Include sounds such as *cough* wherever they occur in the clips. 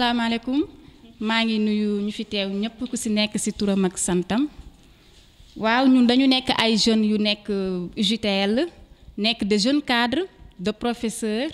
asalaamaaleykum maa ngi nuyu ñu fi teew ñëpp ku si nekk si turam ak santam waaw ñun dañu nekk ay jeunes yu nekk UJTL euh, nekk de jeunes cadres de professeurs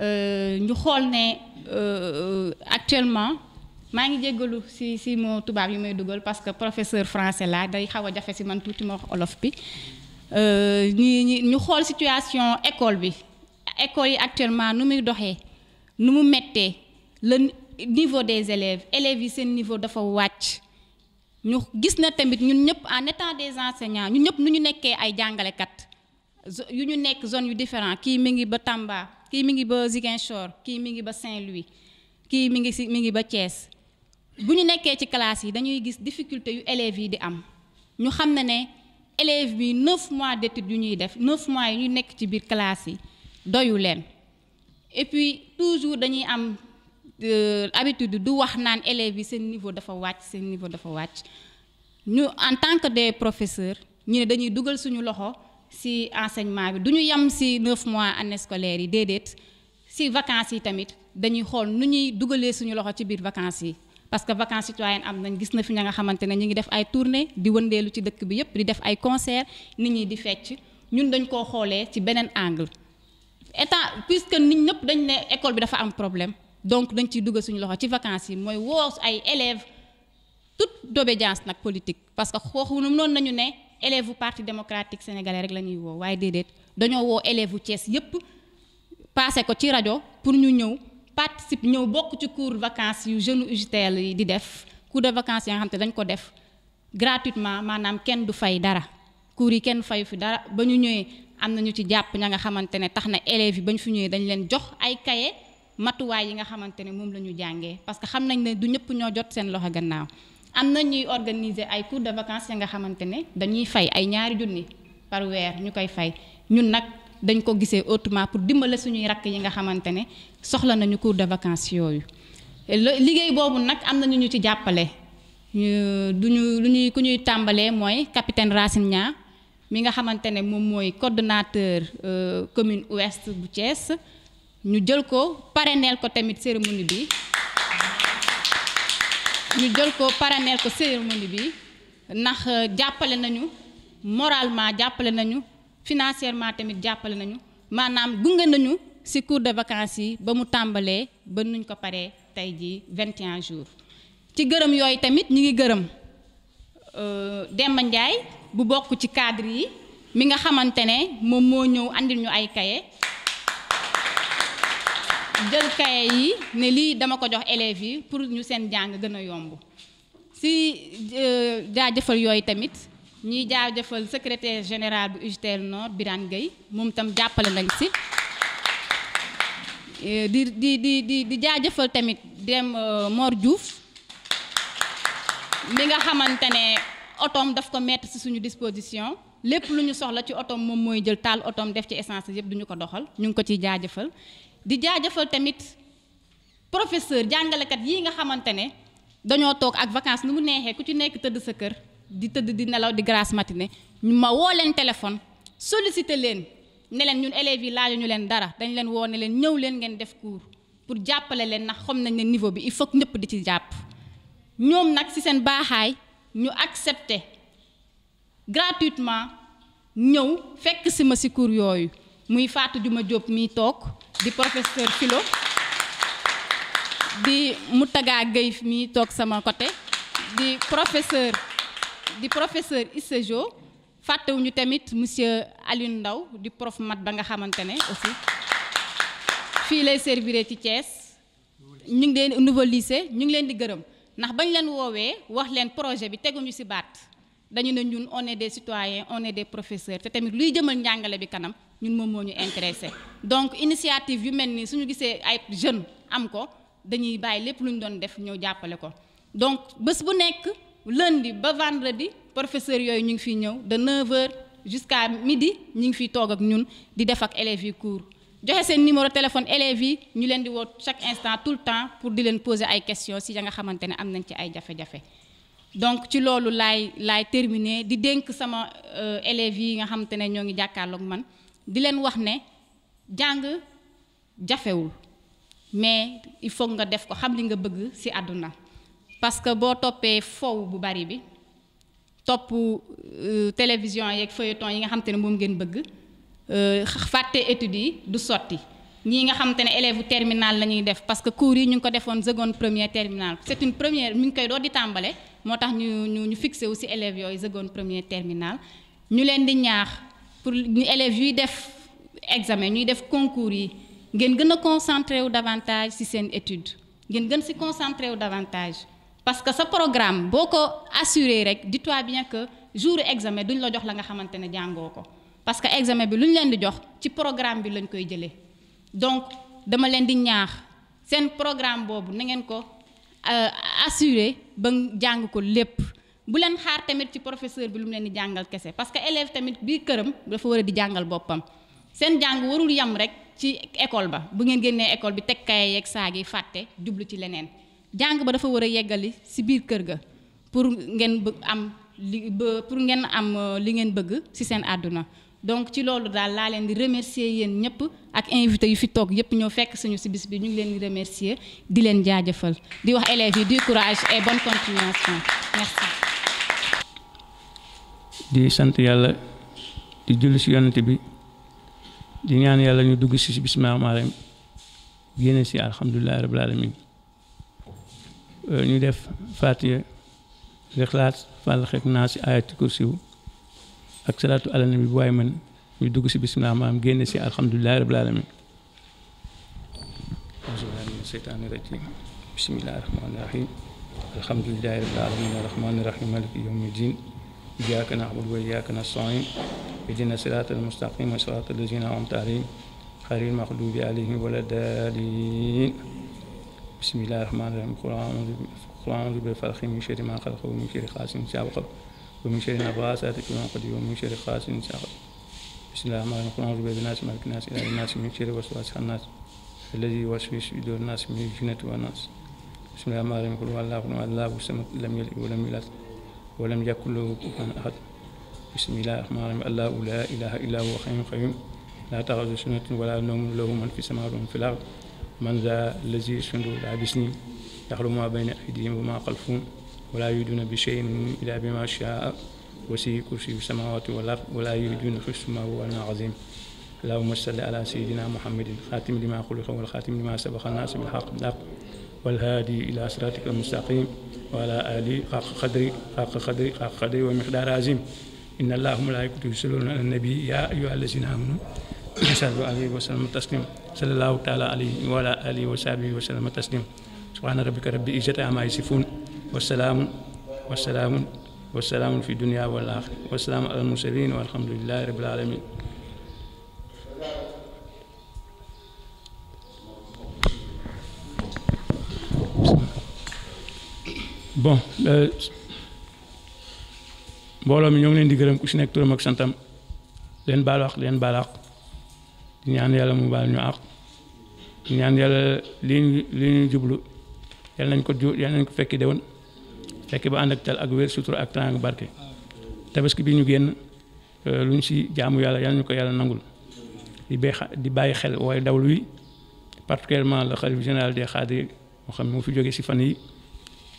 euh, ñu xool ne euh, actuellement maa ngi jéggalu si si moo tubaab yi may dugal parce que professeur français laa day xaw a jafe si man tuuti ma wax olof bi ñi ñu xool situation école bi école yi actuellement nu muy doxee nu mu mettee lan niveau des élèves élèves yi seen niveau dafa wàcc ñu gis na tamit ñun ñëpp en étant des enseignants ñun ñëpp nu ñu nekkee ay jàngalekat yu ñu nekk zone yu différent kii mi ngi ba Tamba kii mi ngi ba Ziguinchor kii mi ngi ba Saint-Louis kii mi ngi si mi ngi ba Thiès bu ñu nekkee ci classe yi dañuy gis difficulté yu élèves yi di am ñu xam ne ne élèves bi neuf mois de d'études yu ñuy def neuf mois yi ñu nekk ci biir classe yi doyu leen et puis toujours habitude du wax naan élèves yi seen niveau dafa wàcc seen niveau dafa wàcc ñu en tant que des professeur ñu ne dañuy dugal suñu loxo ci enseignement bi du ñu yem ci neuf mois année scolaire yi déedéet ci vacances yi tamit dañuy xool nu ñuy dugalee suñu loxo ci biir vacances yi parce que vacances citoyennes am nañ gis na fi ña nga xamante ne ñu ngi def ay tournée di wëndeelu ci dëkk bi yépp di def ay concert nit ñi di fecc ñun dañ koo xoolee ci beneen angle état puisque nit ñëpp dañ ne école bi dafa am problème donc dañ ciy dugal suñu loxo ci vacances yi mooy woo ay élèves toute d'obédience nag politique parce que xooxu noonu nañu ne élèves bu parti démocratique sénégalais rek la ñuy woo waaye déedéet dañoo woo élèves bu Thiès yépp passé ko ci rajo pour ñu ñëw participe ñëw bokk ci cours vacances yu jeunes UJTL yi di def cours de vacance yi nga xam te dañ ko def gratuitement maanaam kenn du fay dara cours yi kenn fayu fi dara ba ñu ñëwee am na ñu ci jàpp ña nga xamante ne tax na élèves yi ba fi ñëwee dañ leen jox ay cahiers matuwaay yi nga xamante ne moom la ñu jàngee parce que xam nañ ne du ñëpp ñoo jot seen loxo gannaaw am na ñuy organiser ay cours de vacances yi nga xamante ne dañuy fay ay ñaari junni par weer ñu koy fay ñun nag dañ ko gisee autrement pour dimbale suñuy rakk yi nga xamante ne soxla nañu cours de vacances yooyu liggéey boobu nag am na ñu ñu ci jàppale ñu duñu lu ñuy ku ñuy tàmbalee mooy capitaine Racine Niang mi nga xamante ne moom mooy coordonnateur euh, commune ouest bu Thiès ñu jël ko parrainel ko tamit cérémonie bi ñu jël ko parrainel ko cérémonie bi ndax euh, jàppale nañu moralement jàppale nañu financièrement tamit jàppale nañu maanaam gunge nañu ci cours de vacances yi ba mu tàmbalee ba nuñ ko pare tey jii 21 jours ci gërëm yooyu tamit ñi ngi gërëm euh, Demba Ndiaye bu bokk ci cadre yi mi nga xamante ne moom moo ñëw andil ñu ay kaye jël kaye yi ne lii dama ko jox élèves yi pour ñu seen jàng gën a yomb si euh, jaajëfal yooyu tamit ñuy jaajëfal secretaire général bu UJTL Nord Birane Gueye moom itam jàppale nañ si euh, di di di di di jaajëfal tamit dem euh, Mor Diouf li nga xamante ne otoom daf ko mettre si suñu disposition lépp lu ñu soxla ci otoom moom mooy jël taal otoom def ci essence yëpp duñu ko doxal ñu ngi ko ciy jaajëfal di jaajëfal tamit professeur jàngalekat yi nga xamante ne dañoo toog ak vacances nu mu neexee ku ci nekk tëdd sa kër di tëdd di nelaw di grasse matinée ma woo leen téléphone sollicité leen ne leen ñun élèves yi laaju ñu leen dara dañu leen woo ne leen ñëw leen ngeen def cours pour jàppale leen ndax xam nañ ne niveau bi il faut ñëpp di ci jàpp ñoom nag ci seen baaxaay ñu accepté gratuitement ñëw fekk si ma si cours yooyu muy Fatou Juma Diop miy toog di professeur philo di Moutaga Gueye muy toog sama côté di professeur di professeur Issa fàttewuñu tamit monsieur Alioune Ndaw di prof mat ba nga xamante ne aussi fii lay servir ci Thiès ñu ngi leen nouveau lycée ñu ngi leen di gërëm ndax bañ leen woowee wax leen projet bi teguñu si baat dañu ne ñun on est des citoyens on est des professeurs te tamit luy jëmal njàngale bi kanam ñun moom moo ñu intéressé donc initiative yu mel nii suñu gisee ay jeunes am ko dañuy bàyyi lépp lu ñu doon def ñëw jàppale ko donc bés bu nekk lundi ba vendredi professeurs yooyu ñu ngi fiy ñëw de 9h jusqu'à midi ñu ngi fiy toog ak ñun di def ak élèves yi cours joxe seen numéro téléphone élèves yi ñu leen di woo chaque instant tout le temps pour di leen poser ay questions ya nga xamante ne am nañ ci ay jafe donc ci loolu laay laay terminer di dénk sama euh, élèves yi nga xamante ne ñoo ngi jàkkaarloog man di leen wax ne jàng jafewul mais il faut nga def ko xam li nga bëgg ci àdduna parce que boo toppee fow bu bari bi topp euh, télévision yeeg feuilleton yi nga xamante ne moom ngeen bëgg euh, fàtte études yi du sotti ñii nga xamante ne élèves terminal la ñuy def parce que cours yi ñu ngi ko defoon seconde première terminale c'est une première mi ngi koy doo di tàmbale moo tax ñu ñu ñu fixé aussi élèves yooyu seconde premier terminal ñu leen di ñaax pour ñu élève yuy def examen ñuy def concours yi ngeen gën a concentré wu davantage ci seen étude ngeen gën ci concentré wu davantage parce que sa programme boo ko assuré rek di toi bien que jour examen duñ la jox la nga xamante ne jàngoo ko parce que examen bi lu ñu leen di jox ci programme bi lañ koy jëlee donc dama leen di ñaax seen programme boobu na ngeen ko euh, assuré ba jàng ko lépp bu leen xaar tamit ci professeur bi lu mu leen di jàngal kese parce que élève tamit bi këram dafa war a di jàngal boppam seen jàng warul yam rek ci école ba bu ngeen génnee école bi teg kaye yeeg saa gi fàtte jublu ci leneen jàng ba dafa war a yeggali si biir kër ga pour ngeen bëgg am li pour ngeen am euh, li ngeen bëgg si seen àdduna donc ci loolu daal laa leen di remercier yéen ñëpp ak invité yu fi toog yëpp ñoo fekk suñu si bis bi ñu ngi leen di remercier di leen jaajëfal di wax élèves yi du courage et bonne continuation di sant yàlla di julli si yonent bi di ñaan yàlla ñu dugg si bismillah maanaam génne si alhamdulilah rabil alamin euh, ñu def Fatiha Ixlaas Falaq ak Naas si ayati kursiw ak salaatu ala nabi bu waaye man ñu dugg si bisimilah maam génne si alhamdulilahi rabil alamin asemin seytaani rajim bisimilahi rahmaani rahim alhamdulilahi rabil alamin arrahmaani rahim maliki yawmi din iyyaka na'budu wa iyyaka nasta'in ihdina siraatal mustaqim siraatal lazina an'amta alayhim xayril maxduubi alayhim wala daalin bisimilahi rahmaani rahim qul a'uudu bi falaqi min sharri maa xalaq wa min sharri xaasidin idaa waqab ومن شر نفاثات في العقد ومن شر غاسق إذا حسد بسم الله الرحمن الرحيم أعوذ بالله من الناس إلى الناس من شر وسواس الناس الذي يوسوس في صدور الناس من الجنة والناس بسم الله الرحمن الرحيم قل هو الله أحد الله الصمد لم يلد ولم يولد ولم يكن له كفوا أحد بسم الله الرحمن الرحيم الله لا إله إلا هو الحي القيوم لا تأخذه سنة ولا نوم له من في السماوات ومن في الأرض من ذا الذي يسند على جسمه يعلم ما بين أيديهم وما خلفهم wala yujuuna bi shay'in illaa bimaa shaa'a wasi'a kursiyyu samaawaati wal ard wala yujuuna hifzahuma wa huwa al-'aliyyul 'aziim allahumma salli ala sayyidina muhammadin xaatimi limaa xuliqa wal xaatimi limaa sabaqa naasiril haqqi bil haqqi wal haadi ilaa siraatikal mustaqiim wa ala aalihi haqqa qadrihi haqqa qadrihi haqqa qadrihi wa miqdaarihil 'aziim inna llaaha wa malaa'ikatahu yusalluuna 'alan nabiyyi yaa ayyuhallaziina aamanuu sallu 'alayhi wa sallimu tasliiman sallallaahu ta'aalaa 'alayhi wa 'alaa aalihi wa sahbihi wa sallama tasliiman subhaana rabbika rabbil 'izzati 'ammaa yasifuun wasalaamun wasalaamun wasalaamun fi dunia wal axira wasalaamun alal mursalin walhamdulilahi rabbil alamin bon euh, mbooloo mi ñoo ngi leen di gërëm ku ci nekk turam ak santam leen baal wax leen baal àq di ñaan yàlla mu baal ñu àq di ñaan yàlla li ñu li ñu jublu yàlla nañ ko ju yàlla nañ ko fekki déwén fekke ba ànd ak tal ak wér sutura ak tàng barke tabaski bi ñu génn euh, lu ñu si jaamu yàlla yàlla ñu ko yàlla nangul di bay di bàyyi xel waaye dawul wi particulièrement le bi général de xaadir moo xam moo fi jógee si fan yi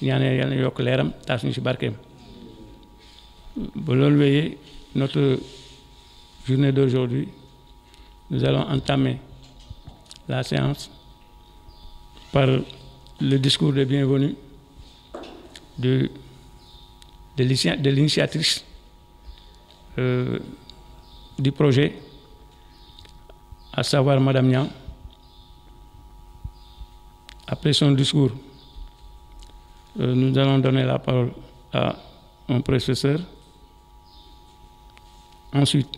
ñaanee yàlla yokk leeram taas ñu si barkeem ba loolu wéyee notre journée d'aujourd'hui nous allons entamer la séance par le discours de bienvenue de, de l'initiatrice euh, du projet, à savoir Madame Nian, après son discours, euh, allons donner la parole à un professeur. Ensuite,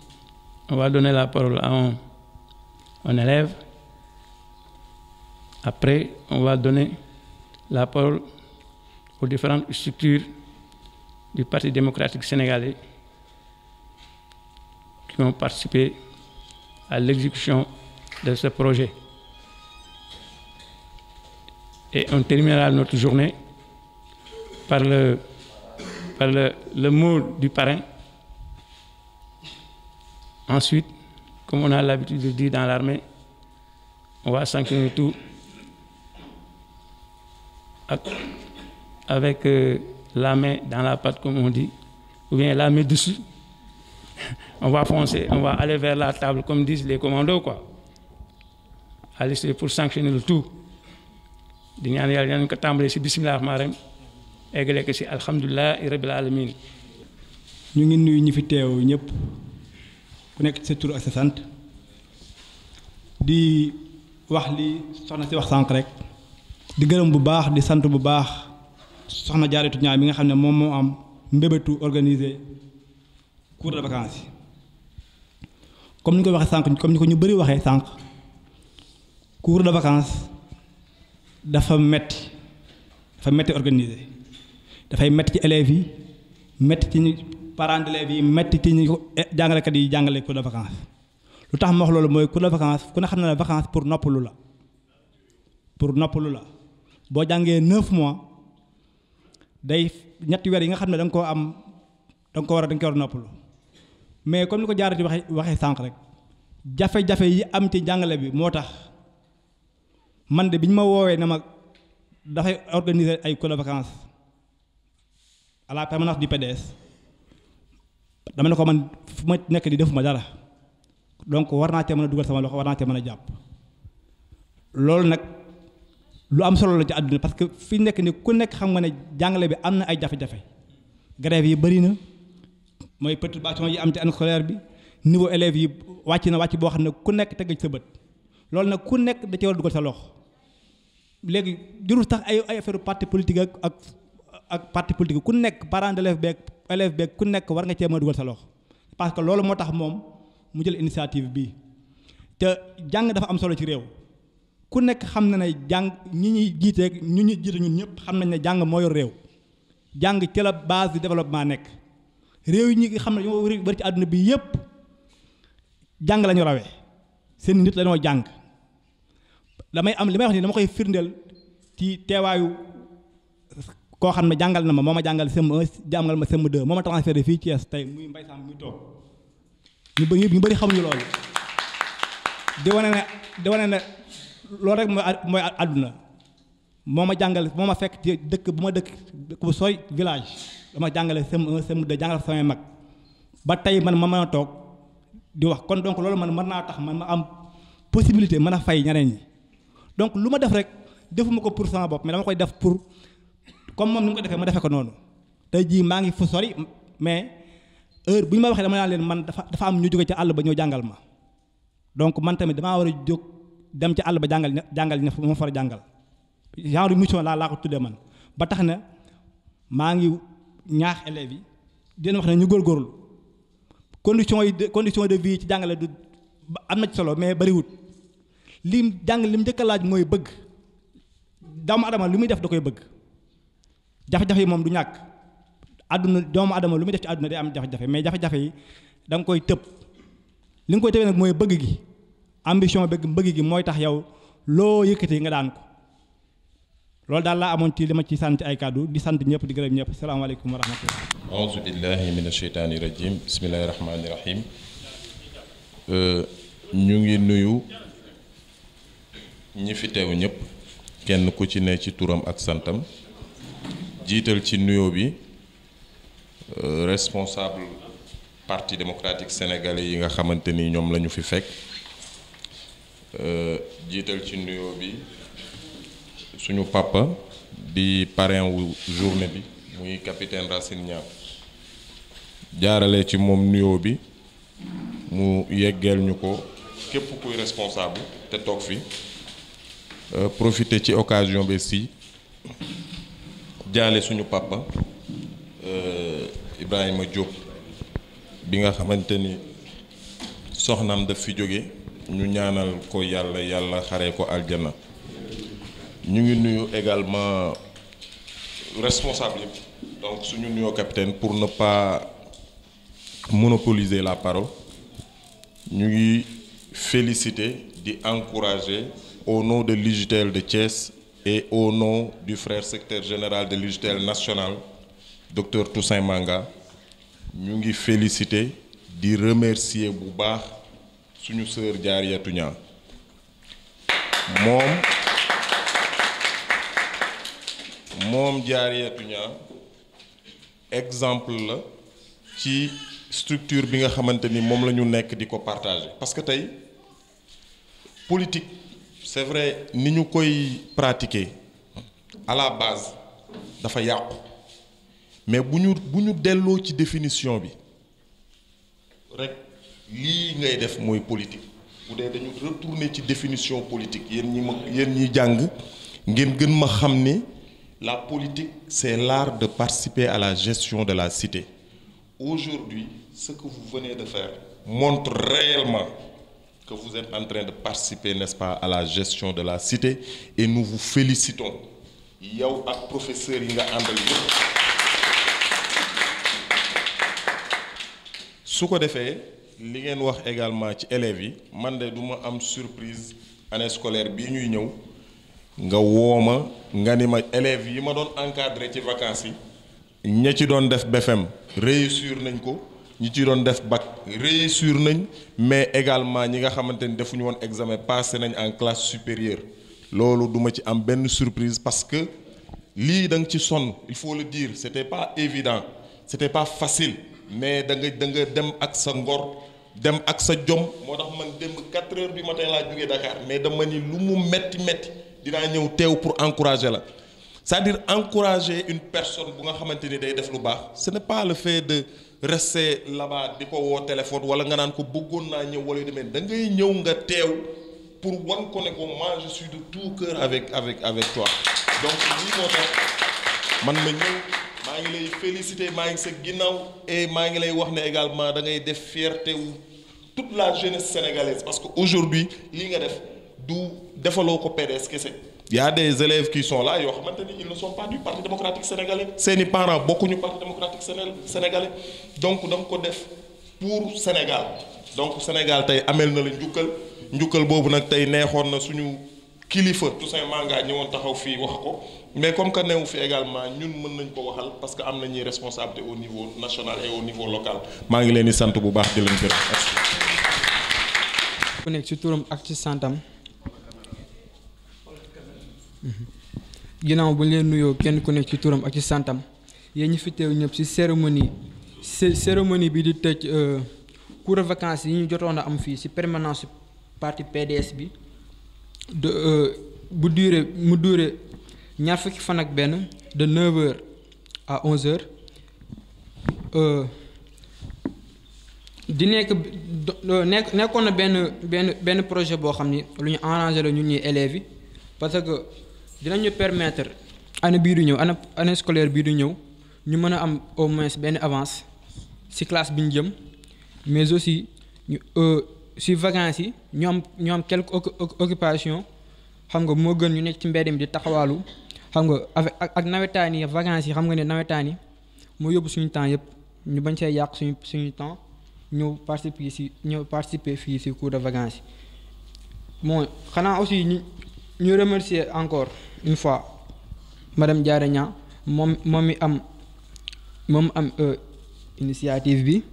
on va donner la parole à un, élève. Après, on va donner la parole pour différentes structures du Parti démocratique sénégalais qui ont participé à l'exécution de ce projet. Et on terminera notre journée par le, par le, le mot du parrain. Ensuite, comme on a l'habitude de dire dans l'armée, on va sanctionner tout. avec euh, la main dans la pâte, comme on di ou bien la main dessus, *laughs* on waa foncer, on va aller vers la table, comme disent les commandos, quoi. Allez, c'est pour sanctionner le tout. di ñaan yàlla ñaan ko tàmbalee si bisimilah rahmaani rahiim eggale ko si alhamdulilah rabbil alamin ñu ngi nuyu ñi fi teew ñëpp ku nekk ci tur ak sa sant di wax li soxna si wax sànq rek di gërëm bu baax di sant bu baax. soxna jaaritu ñaay bi nga xam ne moom moo am mbébétu organiser cours de vacances comme ni ko waxee sànq comme ni ko ñu bëri waxee sànq cours de vacances dafa metti dafa metti organiser dafay metti ci élèves yi metti ci ñu parents d'élèves yi metti ci ñu eh, jàngalekat yi jàngale cours de vacances lu tax ma wax loolu mooy cours de vacances ku ne xam ne la vacances pour noppalu la pour noppalu la boo jàngee neuf mois day ñetti weer yi nga xam ne danga koo am da koo war a da nga ko war a noppalu mais comme ni ko jaarati waxe waxee sànq rek jafe-jafe yi am ci jàngale bi moo tax man de bi ñu ma woowee ne mag dafay organiser ay colo vacances à la di du PDS dama ne ko man fu ma nekk di defu ma dara donc war naa cee mën a dugal sama loxo war naa cee mën a jàpp loolu nag. lu am solo la ci àdduna parce que fi nekk ni ku nekk xam nga ne jàngale bi am na ay jafe-jafe grève yi bëri na mooy perturbation yi am ci année scolaire bi niveau élèves yi wàcc na wàcc boo xam ne ku nekk teg ci sa bët loolu nag ku nekk da cee war a dugal sa loxo léegi jurul tax ay ay affaire parti politique ak ak parti politique ku nekk parent d'élève beeg élève beeg ku nekk war nga cee mën a dugal sa loxo parce que loolu moo tax moom mu jël initiative bi te jàng dafa am solo ci réew. ku nekk xam na ne jàng ñi ñuy jiiteeg ñu ñuy jiite ñun ñëpp xam nañ ne jàng moo réew jàng ci la base du développement nekk réew yi ñi xam ne ñoo wër ci àdduna bi yëpp jàng la rawee seen nit la ñoo jàng damay am li may wax nii dama koy firndeel ci teewaayu koo xam ne jàngal na ma moo ma jàngal sem jàngal ma sem2 moo ma transféré fii Thiès tey muy Mbaye Samb muy toog ñu bëri xamuñu loolu di wane ne di wane ne loolu rek mooy mooy àdduna moo ma jàngale moo ma fekk ci dëkk bu ma dëkk bu sooy village dama jàngale sem sem de jàngale samay mag ba tey man ma mën a toog di wax kon donc loolu man mën naa tax man ma am possibilité mën a fay ñeneen ñi donc lu ma def rek defuma ko pour sama bopp mais dama koy def pour comme moom ni ma ko defee ma defee ko noonu te jii maa ngi fu sori mais heure bu ñu ma waxee dama naan leen man dafa dafa am ñu jóge ci àll ba ñoo jàngal ma dem ci àll ba jàngal jàngal ne ma far jàngal genre mission laa laa ko tuddee man ba tax na maa ngi ñaax élèves yi dina wax ne ñu góorgóorlu condition yi de condition de vie ci jàngale du am na solo mais bariwut lim jàng lim njëkk laaj mooy bëgg doomu lu muy def da koy bëgg jafe-jafe moom du ñàkk àdduna doomu adama lu muy def ci àdduna day am jafe-jafe mais jafe-jafe yi da koy tëb li nga koy tëbee nag mooy bëgg gi ambition bëgg mbëgg gi mooy tax yow loo yi nga daan ko loolu daal laa amoon ci li ma ci sant ay kàddu di sant ñëpp di gërëm ñëpp salaamaaleykum wa rahmatullah aouzu billahi min asheytaani rajim bismillahi rahmaani rahim euh, ñu ngi nuyu ñi fi teew ñëpp kenn ku ci ne ci turam ak santam jiital ci nuyoo bi euh, responsable parti démocratique sénégalais yi nga xamante ni ñoom lañu fi fekk Euh, jiital ci nuyoo bi suñu papa di parrain wu journée bi muy capitaine Racine Niang jaarale ci moom nuyoo bi mu yeggeel ñu ko képp kuy responsable te toog fi euh, profité ci ocasion bi si jaale suñu papa euh, Ibrahima jóg bi nga xamante ni soxnaam daf fi jóge ñu ñaanal ko yàlla yàlla xare ko aljana ñu ngi nuyu également responsable yëpp donc suñu nuyoo capitaine pour ne pas monopoliser la parole ñu ngi féliciter di encourager au nom de l'UJTL de Thiès et au nom du frère secrétaire général de l'UJTL national docteur Toussaint Manga ñu ngi féliciter di remercier bu baax suñu sœur Diarratou Niang moom moom Diarratou Niang exemple la ci structure bi nga xamante ni moom la ñu nekk di ko partager parce que tey politique c'est vrai ni ñu koy pratiquer à la base dafa yàqu mais bu ñu bu ñu delloo ci définition bi lii ngay def mooy politique bu dee dañu retourner ci définition politique yéen ñi ma yéen ñi jàng ngeen gën ma xam ne la politique c'est l'art de participer à la gestion de la cité aujourd'hui ce que vous venez de faire montre réellement que vous êtes en train de participer nest pa à la gestion de la cité et nu vous félicitons yow ak professeur yi nga àndal yëpp su ko defee li ngeen wax également ci élèves yi man de duma am surprise année scolaire bii ñuy ñëw nga woo ma nga ni ma élèves yi ma doon encadré ci vacances yi ña ci doon def BFM réussir nañ ko ñi ci doon def bac réussir nañ mais également ñi nga xamante ni defuñu woon examen passé nañ en classe supérieure loolu duma ci am benn surprise parce que lii da nga ci sonn il faut le dire c'était pas évident c'était pas facile mais da nga da nga dem ak sa ngor dem ak sa jom moo tax man démb 4 heures du matin laa jógee Dakar mais dama ni lu mu metti metti dinaa ñëw teew pour encourager la sa à dire encourager une personne bu nga xamante ni day def lu baax ce n'est pas le fait de rester là di ko woo téléphone wala nga naan ko bëggoon naa ñëw wala yu demee da ñëw nga teew pour wan ko ne ko moi je suis tout cœur avec avec avec donc lii moo tax man ma ñëw. maa ngi lay féliciter maa ngi sa ginnaaw et maa ngi lay wax ne également da ngay def fierté wu toute la jeunesse sénégalaise parce que aujourd'hui li nga def du defaloo ko PDS kese y a des élèves qui sont là yoo xamante ni ils ne sont pas du parti démocratique sénégalais seeni parents bokkuñu parti démocratique sénégalais donc da ko def pour Sénégal donc Sénégal tey ameel na la njukkal njukkal boobu nag tey neexoon na suñu. kilifa Toussaint Manga ñëwoon taxaw fii wax ko mais comme que newu fi également ñun mën nañ ko waxal parce que am nañuy responsabilité au niveau national et au niveau local maa ngi leen di sant bu baax di leen gërëm ku nekk ci turam ak ci santam mhm. ginnaaw bu leen nuyoo kenn ku nekk ci turam ak ci santam yéen ñu fi teew ñëpp ci cérémonie cérémonie bi di tëj euh, cours de yi ñu jotoon a am fii ci permanence parti PDS bi Euh, bu duré mu duré ñaar fukki fan ak benn de 9h à 11h euh, di nekk nekk nekkoon na benn benn benn projet boo xam ni lu ñu arrangé la ñun ñuy élèves yi parce que dinañu permettre année bii du ñëw année année scolaire bii du ñëw ñu mën a am au moins benn avance ci classe bi ñu jëm mais aussi ñu. Euh, si vacances yi ñoom ñoom quelque occupation xam nga moo gën ñu nekk ci mbedd mi di taxawaalu xam nga ak ak nawetaani yi yi xam nga ne nawetaan yi moo yóbbu suñu temps yëpp ñu bañ see yàq suñu suñu temps ñëw participer si ñëw participer fii si cours de vacances yi bon xanaa aussi ñu ñu remercier encore une fois madame Diarra Niang moom moom mi am moom am euh, initiative bi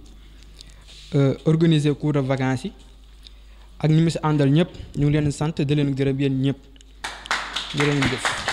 euh, organiser cours de vacances yi. ak ñi mu si àndal ñëpp ñu ngi leen sant di leen gërëm yéen ñëpp jërë ngeen jëf